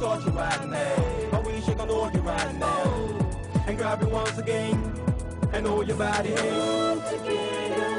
torch you right now. But we shake on all you right now. And grab it once again. And all your body. All together.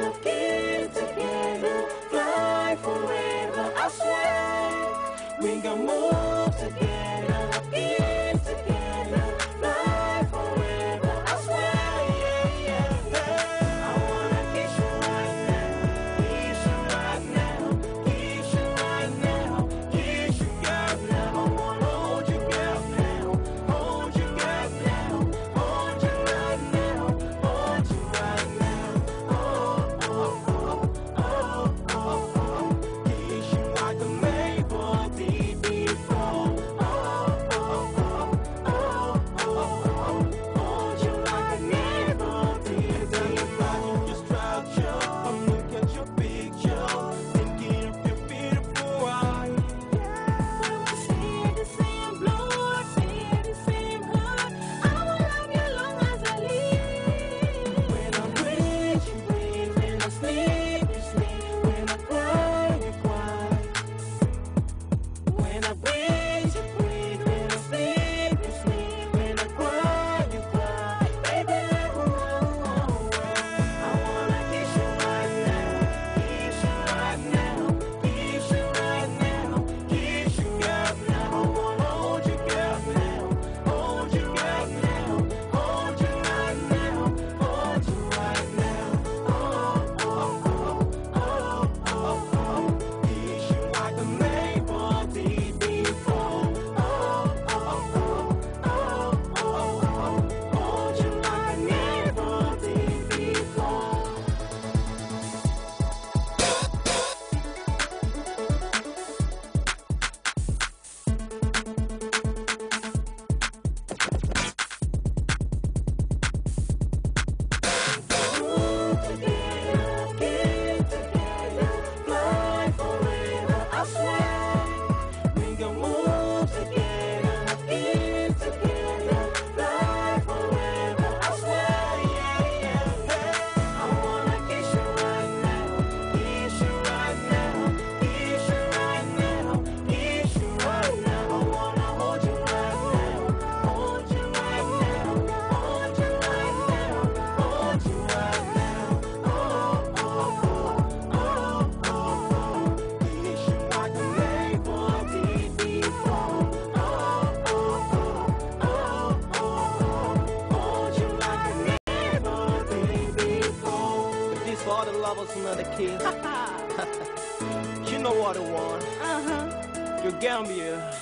Gambia.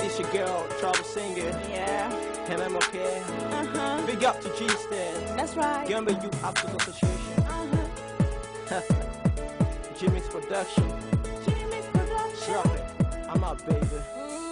It's your girl, travel Singer. Yeah. And I'm okay. Uh-huh. Big up to G-Stan. That's right. Gambia you Youth Actors Association. Uh-huh. Jimmy's Production. Jimmy's Production. Drop it. I'm out, baby. Mm.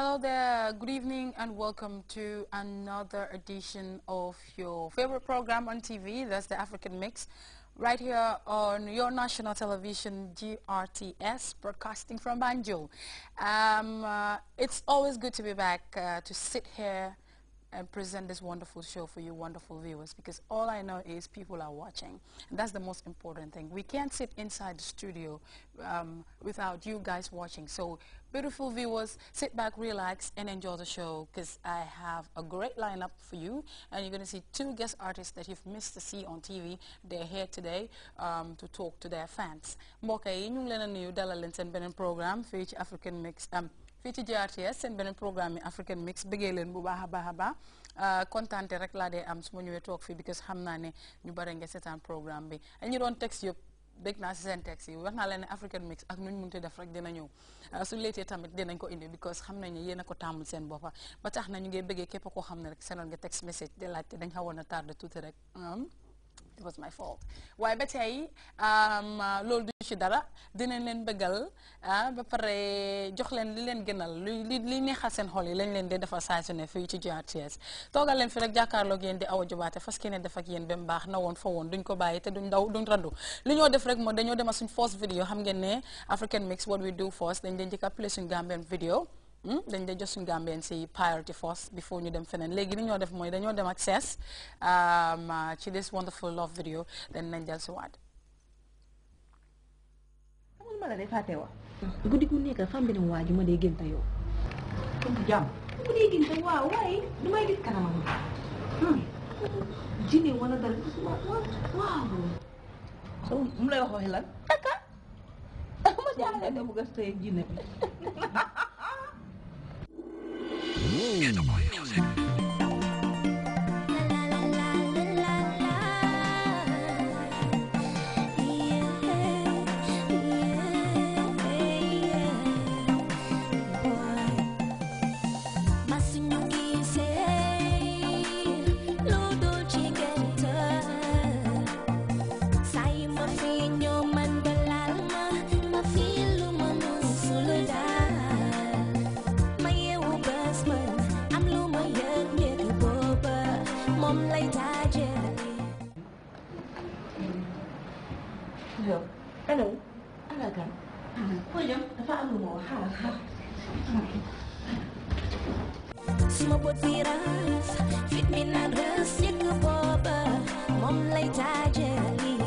Hello there, good evening and welcome to another edition of your favorite program on TV, that's the African Mix, right here on your national television, GRTS, broadcasting from Banjul. Um, uh, it's always good to be back, uh, to sit here and present this wonderful show for you wonderful viewers because all I know is people are watching. And that's the most important thing. We can't sit inside the studio um, without you guys watching. So Beautiful viewers, sit back, relax, and enjoy the show because I have a great lineup for you. And you're going to see two guest artists that you've missed to see on TV. They're here today um, to talk to their fans. mbokk yi ñu ngi leen a nuyu dalal leen programme fii ci African Mix am um, fii ci GRTS seen beneen programme yi African Mix bëggee leen bu baax a baax a baax uh, kontaante rek laa dee am su ñëwee toog fii because xam naa ne ñu bare nga seetaan programme bi ak ñu doon texte yëpp. bég naa si seen texte yi wax naa leen ne African mix ak nuñ mënti def rek dina ñëw ah, su leetee tamit dinañ ko indi because xam nañ ne yéen a ko taamul seen boppa ba tax na ñu ngi bëggee képp ko xam ne rek senoon nga text message de laajte dañ xawoon a tardé tuuti rek um. it was my fault waaye ba tey um, loolu du ci dara dinañ leen bëggal ah, ba pare jox leen li leen gënal lu li neexal seen xol yi lañ leen di defal saa su ne fii ci GRTS toogal leen fi rek jàkkaarloog yéen di awa jubaate fas kene def ak yéen baax na woon fa woon duñ ko bàyyi te duñ daw duñ randu li ñoo def rek moo dañoo demal suñ first video xam ngeen ne African Mix what we do first dañ leen njëkk a play suñ Gambian video Hmm? dañ de jot suñu gambeen si priority first before ñu dem feneen léegi ni ñoo def mooy dañoo dem access um, uh, ci this wonderful love video then nañ jël si waat amul ma la de fàtte wa guddi gu nekk fam bi ne waa ji ma dee génta yow bu jàmm mu dee génta waaw waaye du may gis kanamam hmm. jine wala dal waaw so mu lay wax waxi lan taka ma jaaxle ne bëgg a sëy jine bi Mmm. jëm dafa am lu ma wax xaaral xaaral suma bët bi raas fit mi naan rës yëg booba moom lay taajali